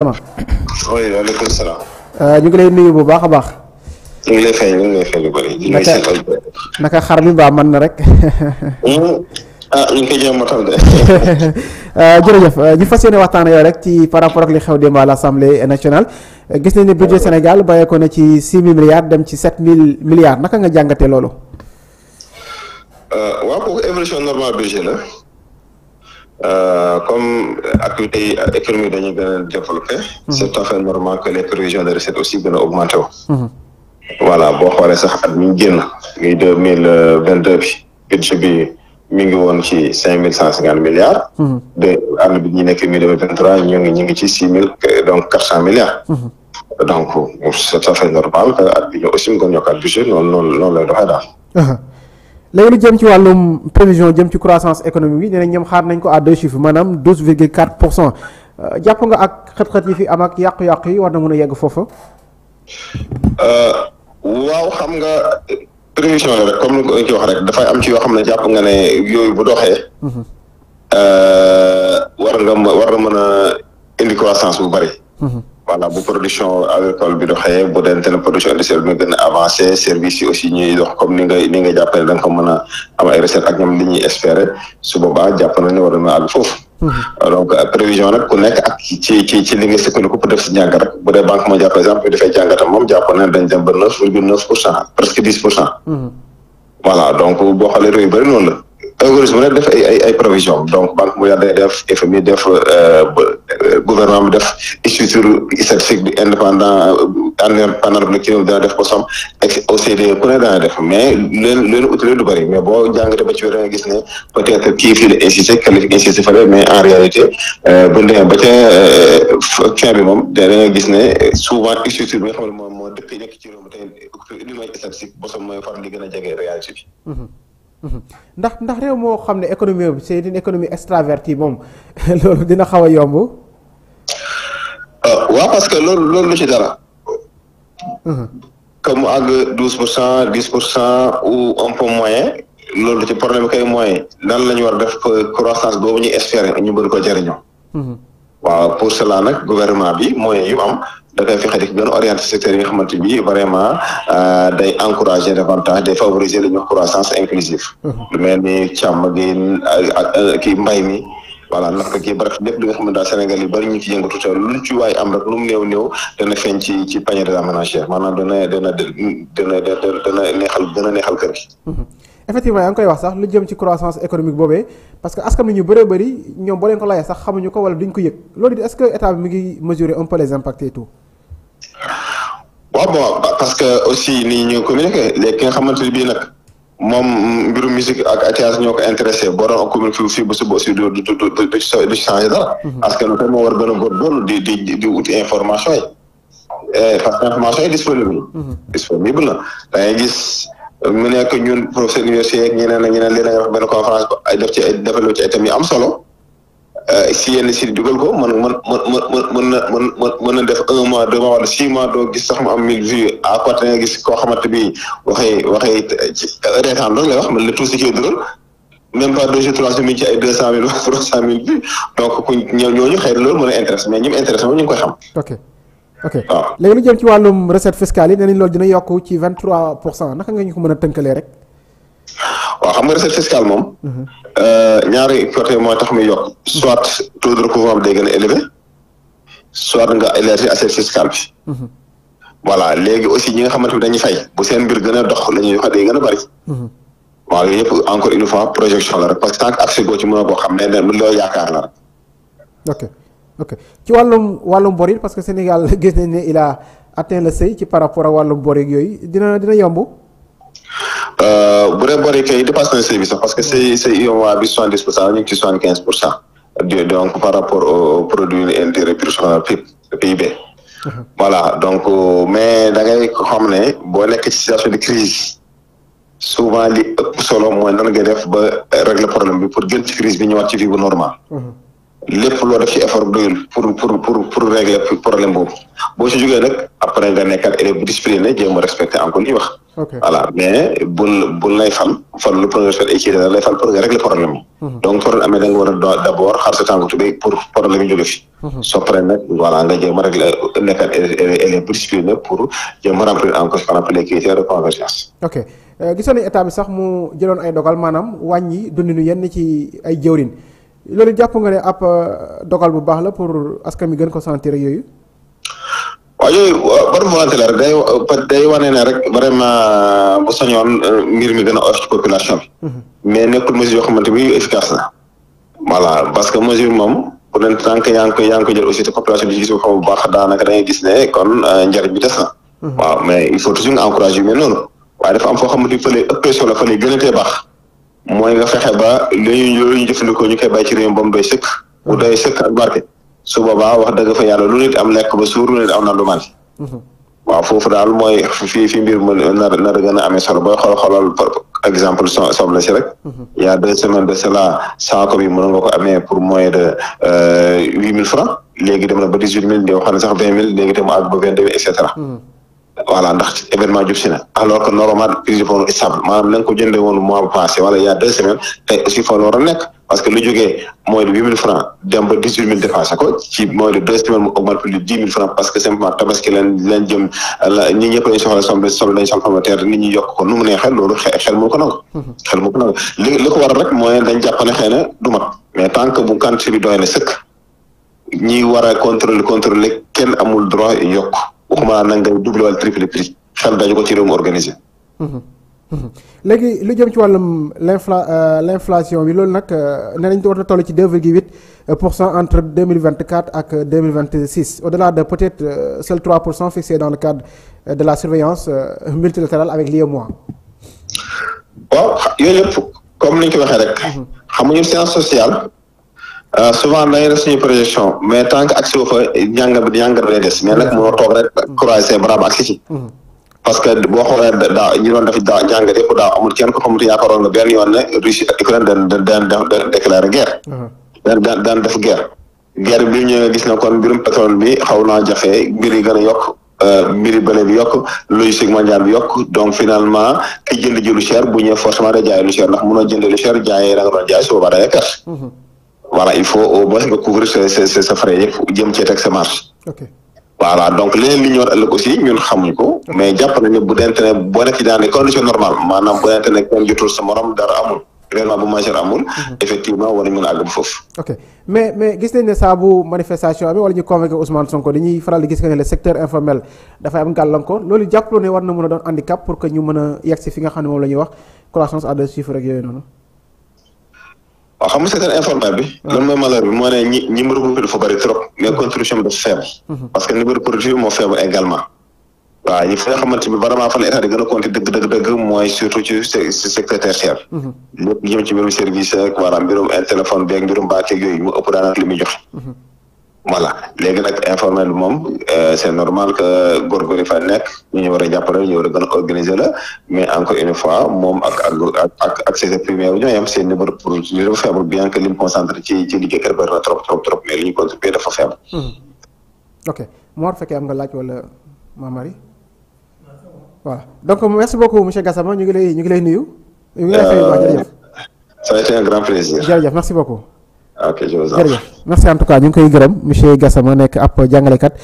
oui waaleykum euh, ñu ngi lay nuyu bu baax a baax. ñu naka xar mi baa mën na rek. Hmm? ah ñu ngi koy jéem euh, euh, ñu fas yéene waxtaan yow rek ci par rapport ak li xew démb à l'Assemblée nationale gis nañ ne budget Sénégal bàyyeekoo na ci six mille dem ci sept mille milliards naka nga jàngatee loolu. waaw kooku évolution normale budget la. Euh, comme activité yi euh, économie dañuy gën a développé. Mhm. c'est tout à fait normal que les prévisions de recettes aussi gën a augmenté wu. Mhm. voilà boo xoolee sax at mi ngi génn mille euh, vingt deux bi bi mi ngi woon ci cinq mille cent cinquante milliards. Mhm. de àll bi ngi ñu ngi ci six mille donc quatre cent milliards. donc c'est tout à fait normal que at bi ñu aussi mu gën yokkaat budget lay doxee daal. Uh-huh. léegi lu jëm ci wàllum prévision jëm ci croissance économique bi nee nañ xaar nañ ko à deux chiffres maanaam douze virgule quatre pour cent euh, jàpp nga ak xët-xët yi fi am ak yàqu-yàqu yi war na mën a yegg foofa. Euh, waaw xam nga prévision la rek comme ni ko ci wax rek dafay am ci yoo xam ne jàpp nga ne yooyu bu doxee. Mhm. Euh, war nga war na mën a indi croissance bu bari. Mhm. voilà bu production agricole bi doxee bu dente ne production industrielle bi gën a avancé service yi aussi ñuy dox comme ni nga ni nga jàppale da nga ko a am ay recette ak ñoom li ñuy espérer su boobaa na mhm. donc euh, prévision nag ku nekk ak ci ci ci li nga sukkandiku pour def si jàngat rek bu dee banque mondiale par exemple bi dafay jàngatam moom jàpp na dañ dem ba neuf virgule neuf pour cent presque dix pour cent mhm. voilà donc boo xoolee réew yu bëri noonu la organisme bu nekk def ay ay ay provision donc banque mondiale day def FMI def euh, euh, gouvernement bi def structure statistique bi indépendant indépendant euh, collectif dana def bosom ak OCDE ku ne dana def mais leen leen utile du bëri mais boo jàngate ba ci wér nga gis ne peut être kii fii la insisté kale insisté fale mais en réalité bu demee ba ca fin bi moom da nga gis ne souvent structure bi nga xam ne moom moo nekk ci réew mi tey li may statistique a jege réalité Mhm. ndax ndax réew moo xam ne économie se c'est une économie extravertie moom loolu dina xaw a yomb. Euh, wa parce que loolu loolu lu ci dara. Mhm. que mu àgg douze pour cent dix pour cent ou un peu moyen loolu ci problème kay mooy lan la ñu war def croissance ñu ñuy espérer ñu bëri ko jëriñoo. Mhm. waaw pour cela nag gouvernement bi moyen yu am. dafay fexe rek gën orienté secteur yi nga xamante bi vraiment euh, day encourager davantage day favoriser lu croissance inclusive mhm. lu mel ni càmm euh, mbay mi voilà naka kii bref lépp li nga xam ne daal Sénégal yi bari ñu ci yëngatu te luñ ci waay am rek lu mu néew néew feeñ ci ci de la ménagère maanaam dana neexal kër gi mhm. effectivement yaa ngi koy wax sax lu jëm ci croissance économique boobee parce que askan wi ñu bëree bëri ñoom boo ko laajee sax waaw bon parce que aussi ni ñu communiqué léegi ki nga xamante ne bii nag moom mbiru musique ak atias ñoo ko intéressé boo doon communiqué fii ba suba aussi du du du du ci changé dara. Mhm. parce que loolu moo war a gën a góorgóorlu di di di wuti information eh, parce que information yi disponible. Mhm. disponible na da ngay gis mu nekk ñun professeur université yeeg ñeneen ak ñeneen léeg-léeg nga def benn conférence ay def ci am solo. Euh, si yenn si dugal ko mën mën mën mën na mën na def six mois doo gis sax mu am mille vues à côté nga gis koo xamante bi waxee waxee reetaan rek lay wax man la tout ce qui deux jours trois donc ku ñooñu xëy na loolu a intéressé mais ñi mu intéressé moom koy xam. ok ok waaw ah. jëm ci wàllum recette fiscale yi nee nañ loolu dina yokk ci vingt trois pour cent naka nga ñu ko mën a tënkalee rek. waaw xam nga recette fiscale moom. Mhm. Euh, ñaari côté mooy tax muy yokk soit taux de recouvrement bi gën a élevé soit nga élargir assiette fiscale bi. Mhm. voilà léegi aussi ñi nga xamante ne dañuy fay bu seen mbir gën a dox la ñuy wax day gën a bëri. Mhm. waaw yëpp encore une fois projection la rek parce que tant accès goo ci mën a boo xam ne ne loo yaakaar na rek. ok ci wàllum wàllum bor yi parce que Sénégal gis nañ ne il a atteint le seuil ci par rapport a wàllum bor yeeg yooyu dina dina yomb. Euh, bu dee bëri kay dépasse na service parce que c'est c'est UEMOA bi soixante dix pour cent ñu ngi ci soixante quinze pour cent donc par rapport au produit intérieur brut national PIB voilà donc euh, mais danga ngay xam ne boo nekk ci situation de crise souvent li ëpp solo mooy nan nga def ba régler problème bi pour gën ci crise bi ñëwaat ci vie bu normal mhm. lépp loo def ci effort bu doyul pour pour régler problème boobu boo ci jógee nag après nga nekkaat élève bu discipliné jéem a respecté encore wax. mais bul bul lay fal fal lu problème bi. Mhm. donc yi jóge fi. Mhm. soo paree nag voilà nga jéem a régler pour jéem a remplir encore ce qu'on appelle les critères de convergence. Euh, état sax mu jëloon ay dogal maanaam wàññi dundinu yenn ci ay jëwrin. loolu jàpp nga ne ab euh, dogal bu baax la pour askan mi gën ko sentir ak yooyu. waaw yooyu borom volonté la rek day day wane ne rek vraiment euh, bu sañoon euh, mbir mi gën a oyof ci population bi. Mhm. mais nekkul mesure yoo xamante bi efficace na. voilà parce que moom bu leen tant que yaa ngi koy yaa ngi koy jël bi baax daanaka da ngay gis ne kon njariñ bi des na. Mhm. waaw mais il faut toujours nga encourager mais noonu. waaye dafa am foo xamante fa fële ëpp gën a tee baax. mooy nga fexe ba léegi loolu ñu jëfandikoo ñu koy bàyyi ci réew mi ba mu doy doy sëkk ak barke su boobaa wax dëgg fa yàlla lu nit am lekk ba suur lu am na lu man mhm. waaw foofu daal mooy fii fii mbir mu nar na a gën a amee solo booy xool xoolal par exemple so soble si rek mhm. il y a semaines de cela saako bi mënoon nga ko amee pour moins de euh, huit mille francs léegi dem na ba huit mille di waxoon sax vingt mille léegi dem àgg vingt deux mille et voilà ndax événement jub si na alors que normalement prix bi moom stable maanaam na nga ko jëndee woon mois bu passé wala il y a deux semaines tey aussi fa a nekk parce que lu jógee mooy de huit mille francs dem ba dix huit mille ko ci mooy de deux semaines mu augmente plus de dix mille simplement tabaski leen leen jëm soxla soble soble dañu soxla pomme de terre ñi yokk ko nu xel loolu xel moo ko xel moo ko nangu waral rek mooy dañ jàpp ne xëy mais tant que bu quantité bi doy na sëkk ñi war a contrôler amul droit yokk waxuma nag ngay double wala triple prix xel dañu ko ci réew mu organisé. Mhm. Mhm. léegi lu jëm ci wàllum euh, l'inflation bi loolu nag euh, nee nañ war na toll ci deux virgule huit euh, pour cent entre deux mille vingt quatre ak deux mille vingt six au delà de peut-être seul trois pour cent fixé dans le cadre de la surveillance multilatérale avec mois waaw yooyu yëpp comme ni ñu ko waxee rek. Mhm. xam nga ñun science sociale. Euh, souvent dañuy def suñu projection mais tant que accès wu fa jàngat bi jàngat bi lay des mais nag mënoo toog rek croiser bras ba accès ci mm-hmm. parce que boo xoolee daa ñu doon def daa jàngat yëpp daa amul kenn ko xamante yaakaaroon nga benn yoon ne guerre daan daan daan def guerre guerre bi ñëwee gis na kon mbirum pétrole bi xaw naa jafe mbir yi gën yokk euh, mbir yi bële bi yokk logistique bi yokk donc finalement ki jënd ji lu cher bu ñëwee forcément day jaay lu cher ndax mënoo jënd voilà il faut au moins nga couvrir sa sa sa frais yëpp jëm cee teg sa marge. voilà donc leneen li ñu aussi ñun xamuñ ko mais jàpp nañu bu dente ne boo nekk dans les conditions normales maanaam bu dente ne kenn jotul sa morom dara amul réellement bu majeur amul mhm. effectivement war nañu mën a àgg bu ok mais mais gis nañ ne manifestation amee wala ñu convoqué Ousmane Sonko dañuy faral di gis que secteur informel dafay am gàllankoor loolu jàppaloo ne war a doon waaw xam nga secteur informel bi. loolu mooy malheur bi ñi ñi mu regroupé dafa bëri trop bi dafa mhm. parce que niveau produit bi moo également. waaw ñi fa nga xamante ni vraiment a surtout ci ci secteur tertiaire. Mhm. ci mbirum service ak maanaam mbirum téléphone beeg mbirum bàcceeg yooyu mu ëpp daanaka li muy joxe. Mhm. voilà léegi nag informel bi moom euh, c' est normal que góorgóor fa nekk ñu ngi war a jàppale ñu war a gën a organiser la mais encore une fois moom ak ak ak ak secteur primaire bi ñoo yem seen niveau pour ñu dafa faible bien que li mu concentré ci ci liggéey kër bëri na trop trop trop mais li ñu contribué dafa faible. Hmm. ok Mor fekkee am nga laaj wala Mamari. voilà donc merci beaucoup monsieur Gassama ñu ngi lay ñu ngi lay nuyu. ñu ngi lay fay jërëjëf. Euh, ça un grand plaisir. jërëjëf merci beaucoup. ok jërëjëf merci en ñu ngi koy gërëm monsieur Gassama nekk ab jàngalekat.